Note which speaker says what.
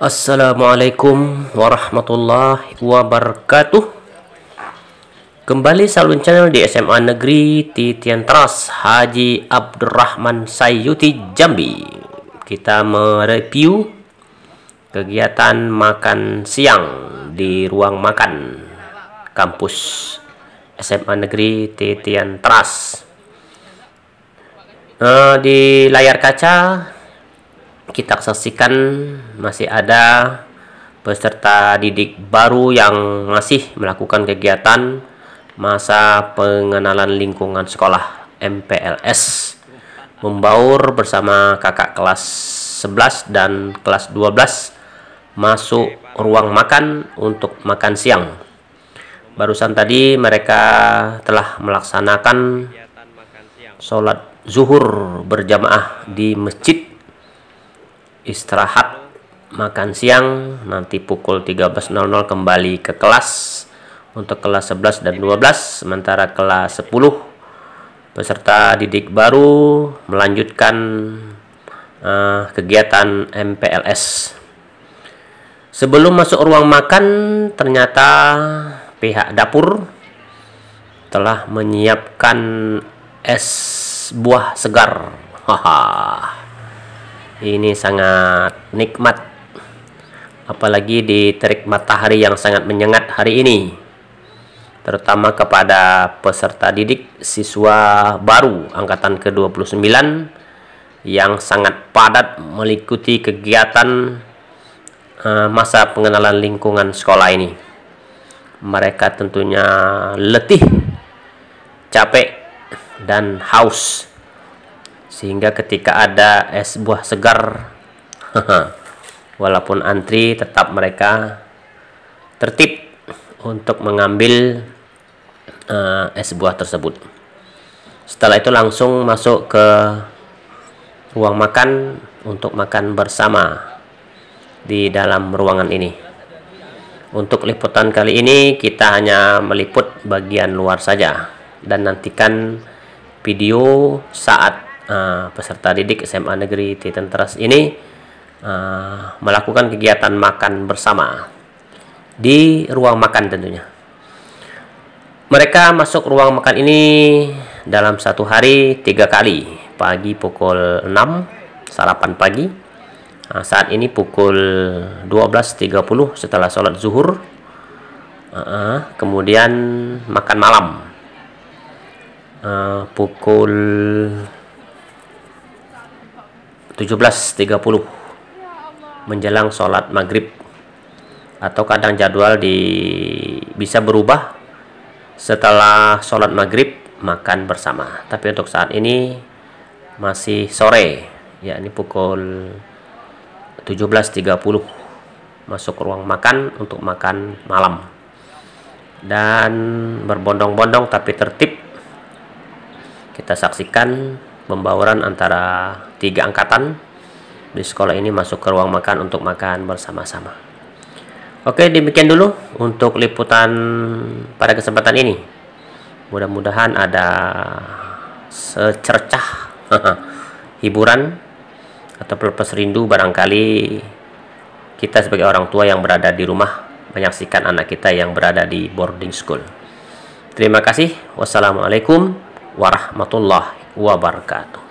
Speaker 1: Assalamualaikum warahmatullahi wabarakatuh Kembali Salun Channel di SMA Negeri Titian Teras Haji Abdurrahman Sayuti Jambi Kita mereview kegiatan makan siang di ruang makan kampus SMA Negeri Titian Teras nah, eh, Di layar kaca kita saksikan masih ada peserta didik baru yang masih melakukan kegiatan masa pengenalan lingkungan sekolah MPLS membaur bersama kakak kelas 11 dan kelas 12 masuk ruang makan untuk makan siang barusan tadi mereka telah melaksanakan sholat zuhur berjamaah di masjid istirahat makan siang nanti pukul 13.00 kembali ke kelas untuk kelas 11 dan 12 sementara kelas 10 peserta didik baru melanjutkan uh, kegiatan MPLS sebelum masuk ruang makan ternyata pihak dapur telah menyiapkan es buah segar haha ini sangat nikmat apalagi di terik matahari yang sangat menyengat hari ini terutama kepada peserta didik siswa baru angkatan ke-29 yang sangat padat mengikuti kegiatan uh, masa pengenalan lingkungan sekolah ini mereka tentunya letih capek dan haus sehingga ketika ada es buah segar walaupun antri tetap mereka tertib untuk mengambil uh, es buah tersebut setelah itu langsung masuk ke ruang makan untuk makan bersama di dalam ruangan ini untuk liputan kali ini kita hanya meliput bagian luar saja dan nantikan video saat Ah, peserta didik SMA Negeri Titan Teras ini ah, melakukan kegiatan makan bersama di ruang makan tentunya. Mereka masuk ruang makan ini dalam satu hari tiga kali, pagi pukul 6 sarapan pagi, nah, saat ini pukul 12.30 setelah sholat zuhur uh, kemudian makan malam uh, pukul 17.30 menjelang sholat maghrib atau kadang jadwal di bisa berubah setelah sholat maghrib makan bersama tapi untuk saat ini masih sore yakni pukul 17.30 masuk ruang makan untuk makan malam dan berbondong-bondong tapi tertib kita saksikan pembauran antara tiga angkatan di sekolah ini masuk ke ruang makan untuk makan bersama-sama. Oke, demikian dulu untuk liputan pada kesempatan ini. Mudah-mudahan ada secercah hiburan atau pelepas rindu barangkali kita sebagai orang tua yang berada di rumah menyaksikan anak kita yang berada di boarding school. Terima kasih. Wassalamualaikum warahmatullahi wabarakatuh